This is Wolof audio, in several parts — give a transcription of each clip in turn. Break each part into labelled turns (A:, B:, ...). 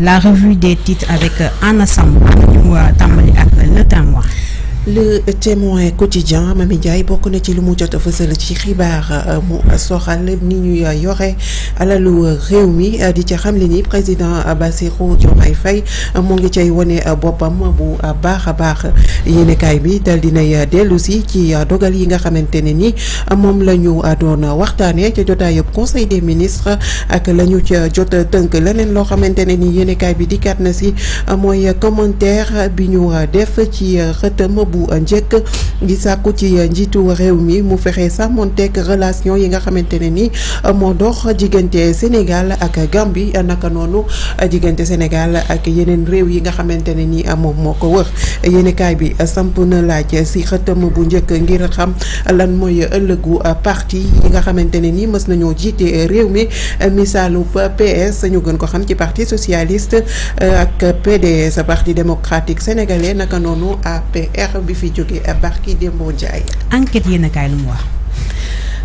A: la revue des titres avec Anna Sam, Tambali avec le témoin le témoin quotidien Mami Ndiaye bokk na ci lu mu jot a ci xibar euh, mu soxal ni ñu yore alalu réew mi euh, di ca xamle ni président euh, Bassirou Diomaye fay mo ngi cey woné bopam bu baax a baax yéenekaay bi dal dina dellu si ci dogal yi nga xamantene ni mom lañu ñu waxtane ci ca jotaayub conseil des ministres ak lañu ci ca teunk leneen lo xamantene ne ni yéenekaay bi dikkaat na ci moy commentaire bi ñu def ci xëtëm. bu njëkk gi sàkku ci njiitu réew mi mu fexe sàmmonteeg relation yi nga xamante ne ni moo dox diggante Sénégal ak Gambie naka noonu diggante Sénégal ak yeneen réew yi nga xamante ne ni moom moo ko wër yéenekaay bi samp na laaj si xëtam bu njëkk ngir xam lan mooy ëllëgu parti yi nga xamante ne ni mës nañoo jiite réew mi misaalu PS ñu gën ko xam ci parti socialiste ak sa parti démocratique sénégalais naka noonu APR bi fi jógee barki démboo Ndiaye. enquête yéen a kaay lu mu wax.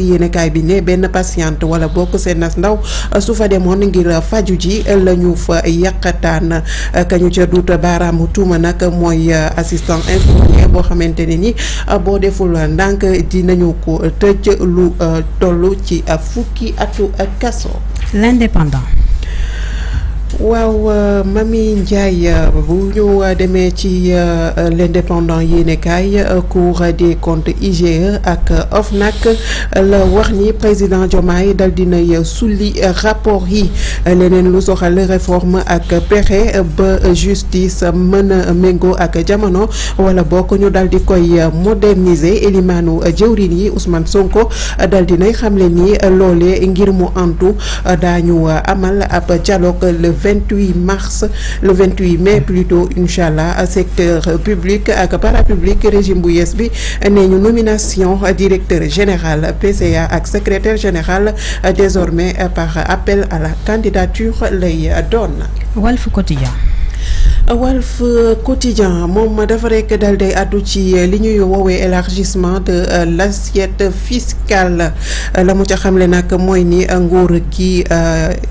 A: yéenekaay bi ne benn patiente wala bokk seen nas ndaw euh, su fa demoon ngir euh, faju ji euh, la ñu fa yàqataan ka ñu ca duut baaraamu tuuma nag mooy assistant infirmier boo xamante ne ni boo deful ndànk dinañu ko tëj lu toll ci fukki atu kaso. L'Indépendant. waaw euh, Mami Ndiaye euh, bu ñu euh, demee ci l'indépendant yéenekaay Cour des comptes IGE ak OFNAC la wax ni président Diomaye dal dinay sulli rapport yi leneen lu soxal réforme ak pexe ba justice mën a méngoo ak jamono wala bokk ñu dal di koy moderniser Elimanu jëwrin Ousmane Sonko dal dinay xamle ni ngir mu antu daañu amal ab dialogue 28 mars le 28 mai plutôt inchallah secteur public et parapublic régime Bouyesbi, une nomination directeur général PCA et secrétaire général désormais par appel à la candidature les donne. Walf Quotidien moom dafa rek daal day addu ci euh, élargissement de euh, l'assiette fiscale euh, la mu ca xamle nag mooy ni nguur gi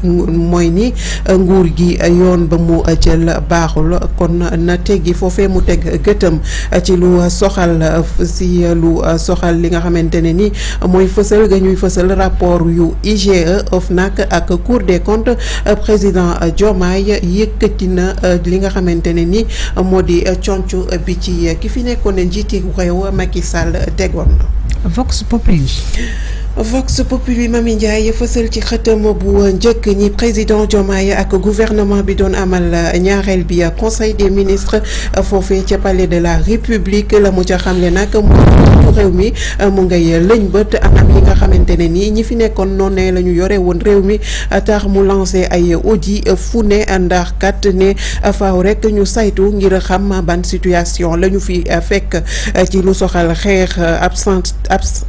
A: ni nguur gi yoon ba mu kon na teggi fofé mu teg gëtëm ci lu soxal si lu soxal li nga ni rapport yu IGE Nak ak Cour des comptes président Diomaye yëkkati na li xamante ni modi di euh, euh, bi ci euh, ki fi nekkone njiti rew Macky Sall tegoon Vox Populi. Vox Populi Mami Ndiaye fësal ci xëtam bu njëkk ni président Diomaye ak gouvernement bi doon amal ñaareel bi conseil des ministres fofé ci palais de la république la mu ca réwmi mi euh, mu ngay lëñ bët anam yi nga xamantene ni ñi fi nekkon noné lañu yoré yore woon réew euh, tax mu lancé ay audit euh, fu ne ndax kat né faaw rek ñu saytu ngir xam ban situation lañu fi fekk ci lu soxal xex absent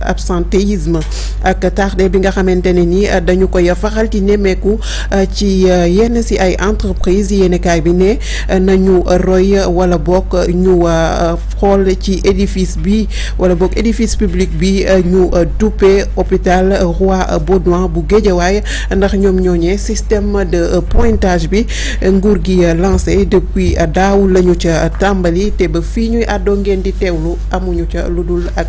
A: absentéisme ak tardé bi nga xamantene ni nii dañu koy faxal ci nemmeeku ci yenn ci ay entreprise kay bi né nañu roy wala bok ñu xol ci édifice bi wala bok édifice public bi euh, ñu euh, Dupe hôpital Roi Baudouin bu Guédiawaye ndax système de euh, pointage bi nguur gi lancé depuis daaw lañu ca tambali té ba fi ñuy addo ngeen di téwlu amuñu ak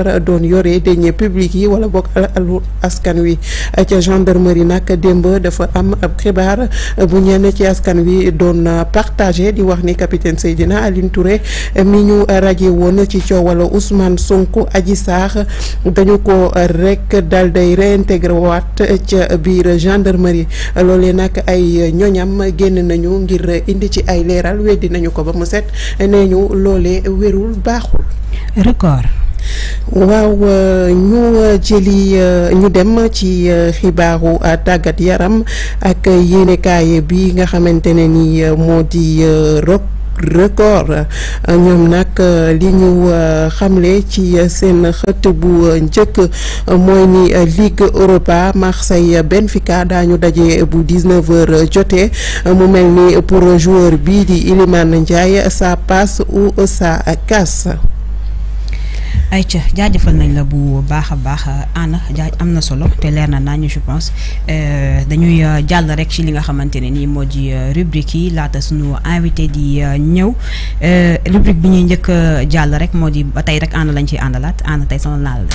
A: nar doon yore deniers publics yi wala boog alalu askan wi ca gendarmerie nag démb dafa am ab xibaar bu ñenn ci askan wi doon partagé di wax ni capitaine Seydina Aline Touré mi ñu raje woon ci coowala Ousmane Sonko aji saax dañu ko rek dal day réintégré waat ca biir gendarmerie loolee nag ay ñoñam génn nañu ngir indi ci ay leeral weddi nañu ko ba mu set nee ñu loolee wérul baaxul waaw euh, ñu euh, jëli euh, ñu dem ci xibaaru tàggat yaram ak yéenekaay bi nga xamante ne ni moo di rok record ñoom nag li ñu xamle ci seen xët bu njëkk mooy ni Ligue Europa Marseille Benfica daañu daje bu 19 heures jotee mu mel ni pour joueur di Iliman Ndiaye ça passe ou ça casse. ayca jaajëfal nañ la bu baax a baax ana jaaj am na solo te leer na nañu je pense euh, dañuy euh, jàll rek ci li nga xamante ne nii moo di euh, rubrique yi laata suñu invité di ñëw rubrique bi ñuy njëkk jàll rek moo di ba tey rek ana lañ ciy àndalaat ana tey sama laal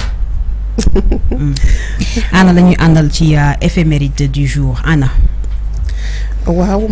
A: ana hmm. la ñuy àndal ci éphéméride du jour ana waaw